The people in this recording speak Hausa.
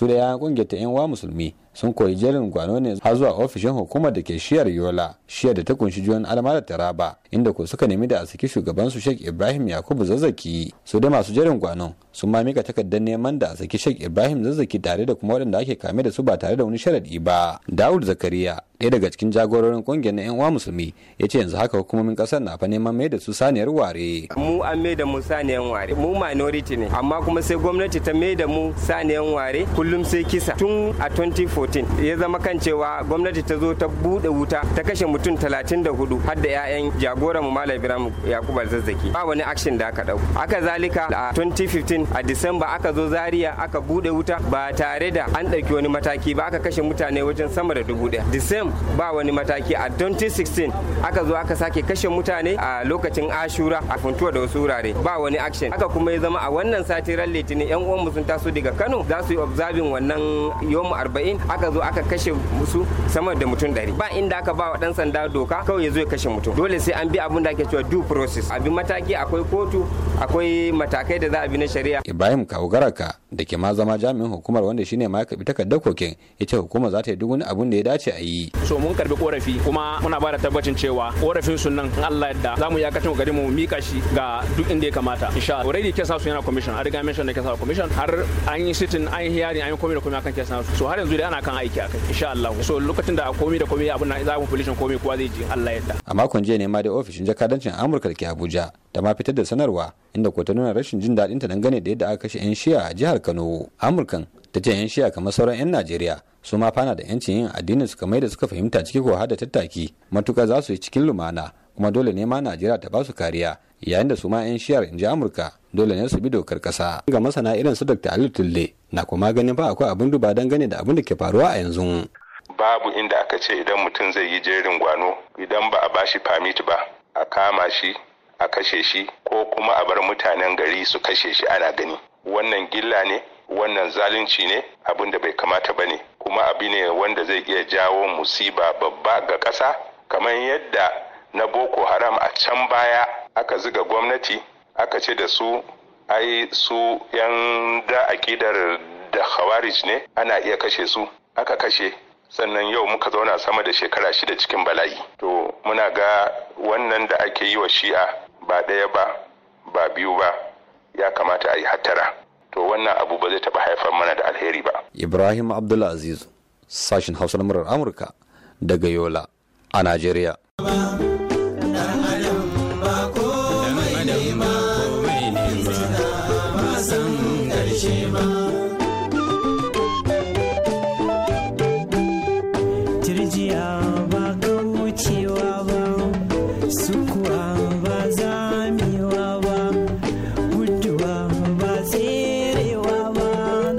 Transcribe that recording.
su da yayan kungiyar ta yan musulmi sun koyi jerin gwano ne har zuwa ofishin hukumar da ke shiyar yola shiyar da ta kunshi juyan alma da taraba inda ko suka nemi da a saki shugaban su sheikh ibrahim yakubu zazzaki su da masu jerin gwano sun ma mika takardar neman da a saki sheikh ibrahim zazzaki tare da kuma waɗanda ake kame da su ba tare da wani sharadi ba dawud zakariya ɗaya daga cikin jagororin kungiyar na 'yan uwa musulmi ya ce yanzu haka hukumomin ƙasar na fa neman mai da su saniyar ware. mu an mai da mu saniyar ware mu minority ne amma kuma sai gwamnati ta mai da mu saniyar ware kullum sai kisa tun a 2014 ya zama kan cewa gwamnati ta zo ta buɗe wuta ta kashe mutum 34 har da 'ya'yan jagoran mu malam ibrahim yakubu zazzaki ba wani action da aka ɗauka aka zalika a 2015 a disamba aka zo zariya aka buɗe wuta ba tare da an ɗauki wani mataki ba aka kashe mutane wajen sama da dubu ɗaya ba wani mataki a 2016 aka zo aka sake kashe mutane a lokacin ashura a funtuwa da wasu wurare ba wani action aka kuma ya zama a wannan sati ran litinin yan uwan sun taso daga kano za su yi observing wannan yomu 40 aka zo aka kashe musu sama da mutum 100 ba inda aka ba wa dan sanda doka kawai ya zo ya kashe mutum dole sai an bi abin da ake cewa due process abin mataki akwai kotu akwai matakai da za a bi na shari'a ibrahim kawgaraka da ke ma zama jami'in hukumar wanda shine ma ya kabi takardar koken ya ce hukumar za ta yi duk wani abin da ya dace a yi so mun karbi korafi kuma muna ba da tabbacin cewa korafin su nan Allah yadda zamu ya akacin gari mu mika shi ga duk inda ya kamata insha Allah already kesa su yana commission a riga mention da kesa commission har an yi sitting an yi hearing an yi komai da komai akan kesa su so har yanzu dai ana kan aiki akai insha Allah so lokacin da komai da komai abin nan za mu publishin komai kuwa zai ji Allah yadda a makon jiya ne ma da ofishin jakadancin Amurka da ke Abuja da ma fitar da sanarwa inda ko ta nuna rashin jin daɗin ta dangane da yadda aka kashe 'yan shiya a jihar Kano Amurkan ta ce 'yan shiya kamar sauran 'yan najeriya su ma fana da 'yancin yin addinin su kamar da suka fahimta ciki ko da tattaki matuka za su yi cikin lumana kuma dole ne ma najeriya ta basu kariya yayin da su ma 'yan shiyar in ji amurka dole ne su bi dokar kasa ga masana irin su dr ali tulle na kuma ganin fa akwai abin duba don gane da abin da ke faruwa a yanzu babu inda aka ce idan mutum zai yi jerin gwano idan ba a bashi famit ba a kama shi a kashe shi ko kuma a bar mutanen gari su kashe shi ana gani wannan gilla ne wannan zalunci ne abin da bai kamata ba ne kuma abi ne wanda zai iya jawo musiba babba ga ƙasa kamar yadda na boko haram a can baya aka ziga gwamnati aka ce da su ai su yan da akidar da khawarij ne ana iya kashe su aka kashe sannan yau muka zauna sama da shekara shida cikin bala'i to muna ga wannan da ake yi wa shi'a ba ɗaya ba ba biyu ba ya kamata a yi hattara to wannan abu ba zai taɓa haifar mana da alheri ba. Ibrahim Abdulaziz sashen Hausa na murar Amurka daga Yola a Najeriya. you